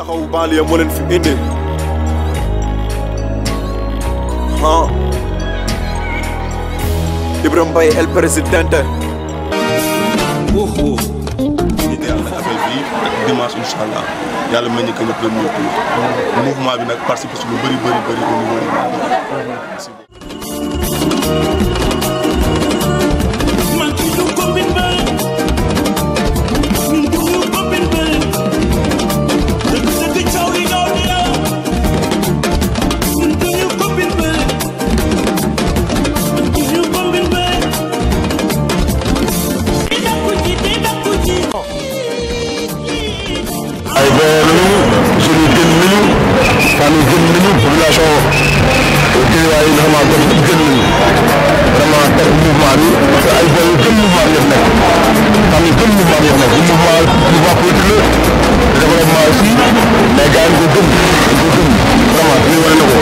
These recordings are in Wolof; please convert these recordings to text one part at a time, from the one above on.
taxawu banlieue ya moo leen fi indi ah Ibra Mbaye el présidente wóoxu wóoxu ñu neex na allah le mouvement bi nag participe si lu bëri bëri au niveau merci beaucoup mouvement bi yëpp nag mouvement mouvement politique la développement aussi mais gars yi ñu ko gëm ñu ko gëm vraiment dañuy wane ne ko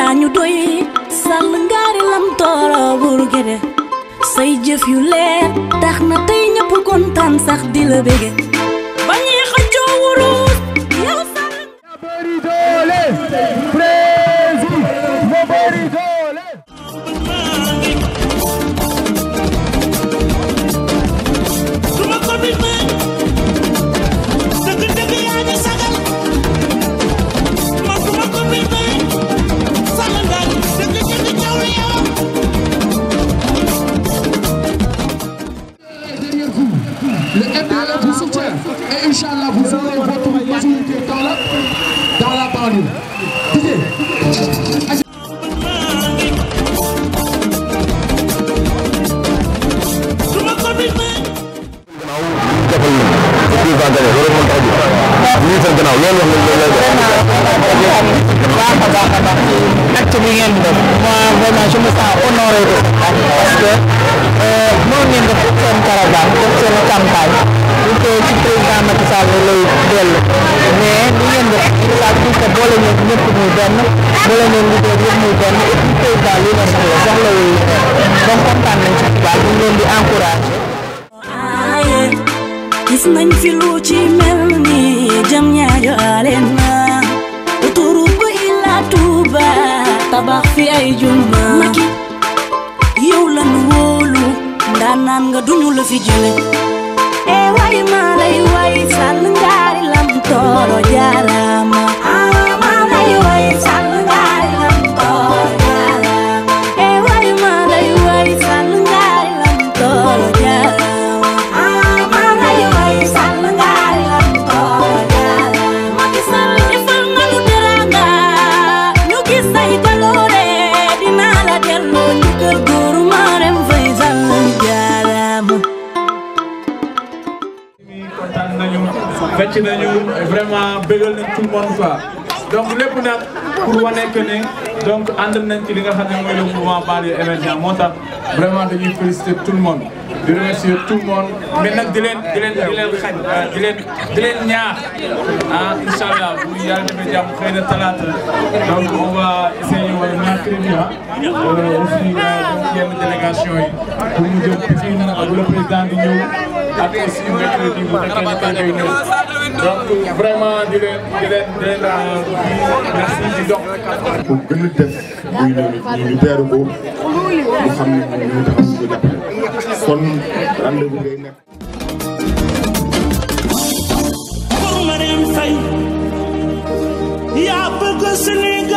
gaañu doy sàll ngaari lam tooro buuru gede say jëf yu leer tax na tey ñëpp kontaan sax di la bége le MDA vous soutient et Inch'Allah vous aurez votre majorité dans la dans la banlieue. parce que noonu ngeen def campagne bu ko ci président Macky Sall lay dellu mais li ngeen def la pour que boole ñoom ñëpp muy benn boole ñoom benn et puis président li nga soxla soxla ba kontaan nañ ci bu baax ñu leen di encouragé. gis nañ fi naan nga duñu la fi Ewai malai wai salenggari lampun toro jalan ci nañu vraiment bégal nañ tout le donc lépp nag pour wane que ne donc ànd nañ ci li nga xam ne mooy le mouvement banlieue émergent moo tax vraiment dañuy féliciter tout le monde di remercier tout le monde mais nag bu yàlla defee jàmm xëy na talaata donc on va essayer wala mercredi ah aussi euh, yenn délégation yi pour ñu jëm Pikine ak le président di ñëw ak ne tàngoor donc vraiment di leen di leen di leen euh, merci di dox. pour gën a def muy ñu ñu teeru ko ñu xam ne moom ñu taxaw si ko jàppale kon rendez-vous day nekk. yaa bëgg Sénégal.